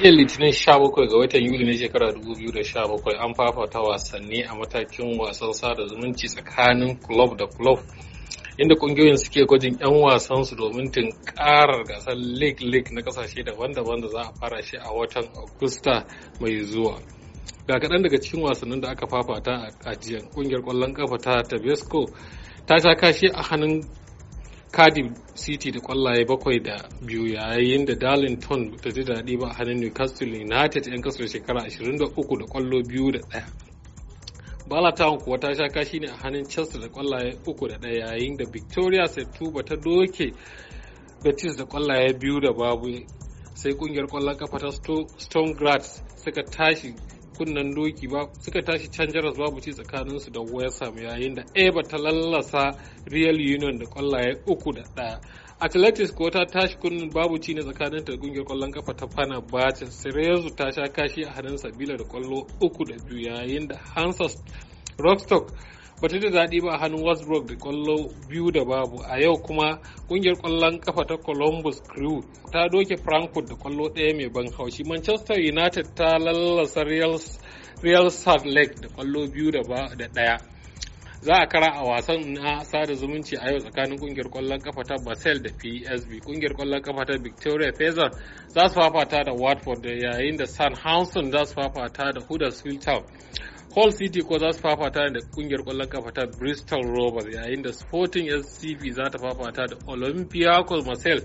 jiya litinin 17 ga watan yuli na shekara 2017 an fafata wasanni a matakin wasan sada zumunci tsakanin club da club inda kungiyoyin suke gwajin 'yan wasan su domin tunkarar gasar league league na kasashe daban-daban da za a fara shi a watan Agusta mai zuwa ga kaɗan daga cikin wasannin da aka fafata a ajiyar kungiyar kwallon kafa ta tabesco ta sha kashi a hannun Cardiff City da kwallaye bakwai da biyu yayin da Darlington ta ji daɗi ba a hannun Newcastle United 'yan kasar shekara 23 da kwallo biyu da ɗaya. Balatown kuwa ta sha kashi ne a hannun Chelsea da kwallaye uku da ɗaya yayin da Victoria setuba ta doke Betis da kwallaye biyu da babu sai kungiyar kwallon kafa ta Stone Grads suka tashi kunnen doki ba suka tashi can jaras babu ci tsakanin su da waya samu yayin da ba ta lallasa real union da kwallaye uku da daya athletics ko ta tashi kunnen babu ci ne tsakanin ta gungiyar kwallon kafa ta fana bacin sirezu ta sha kashi a hannun sabila da kwallo uku da biyu yayin da hansa rockstock bata da daɗi ba a hannun Westbrook da kwallo biyu da babu a yau kuma kungiyar kwallon kafa ta Columbus Crew ta doke Frankfurt da kwallo ɗaya mai ban haushi Manchester United ta lallasa Real Salt Lake da kwallo biyu da ɗaya za a kara a wasan na sada zumunci a yau tsakanin kungiyar kwallon kafa ta basel da psb kungiyar kwallon kafa ta victoria pezon za su fafata da watford yayin da san hanson za su fafata da huddersfield town Hull City ko za su fafata da kungiyar kwallon kafa ta Bristol Rovers yayin da Sporting SCP za ta fafata da Olympiacos Marseille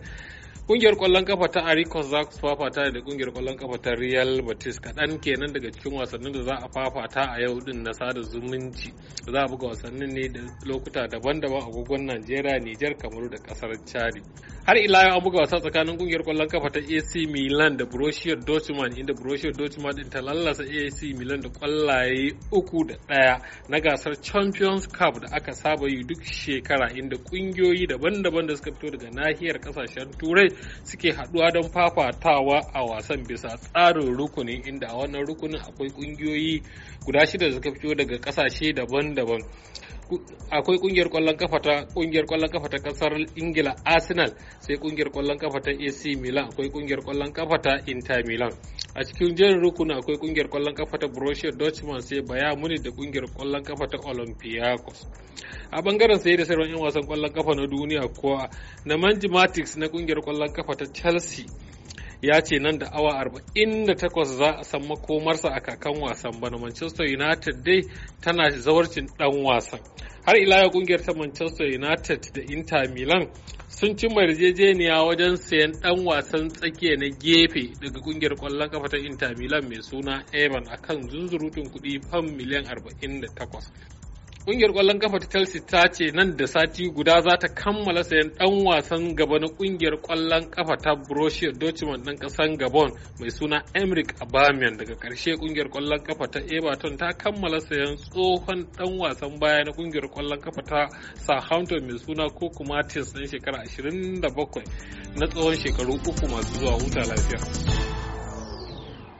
Kungiyar kwallon kafa ta Arikos za su fafata da kungiyar kwallon kafa ta Real Betis kaɗan kenan daga cikin wasannin da za a fafata a yau din na sada zumunci. Za a buga wasannin ne da lokuta daban-daban agogon Najeriya, Nijar, Kamaru da kasar Chadi. Har ila yau an buga wasa tsakanin kungiyar kwallon kafa ta AC Milan da Borussia Dortmund inda Borussia Dortmund din ta lallasa AC Milan da kwallaye uku da ɗaya na gasar Champions Cup da aka saba yi duk shekara inda kungiyoyi daban-daban da suka fito daga nahiyar kasashen Turai suke haduwa don fafatawa a wasan bisa tsarin rukuni inda a wannan rukunin akwai kungiyoyi guda shida da suka fito daga kasashe daban-daban akwai kungiyar kwallon kafa ta kungiyar kwallon kafa ta kasar ingila arsenal sai kungiyar kwallon kafa ta ac milan akwai kungiyar kwallon kafa ta inter milan a cikin jerin rukuna akwai kungiyar kwallon kafa ta borussia dortmund sai baya muni da kungiyar kwallon kafa ta olympiacos a bangaren sai da sauran yan wasan kwallon kafa na duniya kuwa na manji na kungiyar kwallon kafa ta chelsea ya ce nan da awa 48 za a san makomarsa a kakan wasan bana manchester united dai tana zawarcin dan wasan har ila ya kungiyar ta manchester united da inter milan sun ci yarjejeniya wajen sayan dan wasan tsakiya na gefe daga kungiyar kwallon kafa ta inter milan mai suna evan akan zunzurutun kudi fam miliyan 48 Ƙungiyar ƙwallon kafa ta Chelsea ta ce nan da sati guda za ta kammala sayan ɗan wasan gaba na ƙungiyar ƙwallon kafa ta Borussia Dortmund ɗan ƙasan Gabon mai suna Emric Aubameyang daga ƙarshe ƙungiyar ƙwallon kafa ta Everton ta kammala sayan tsohon ɗan wasan baya na ƙungiyar ƙwallon kafa ta Southampton mai suna Koko Martins ɗan shekara 27 na tsawon shekaru uku masu zuwa huta lafiya.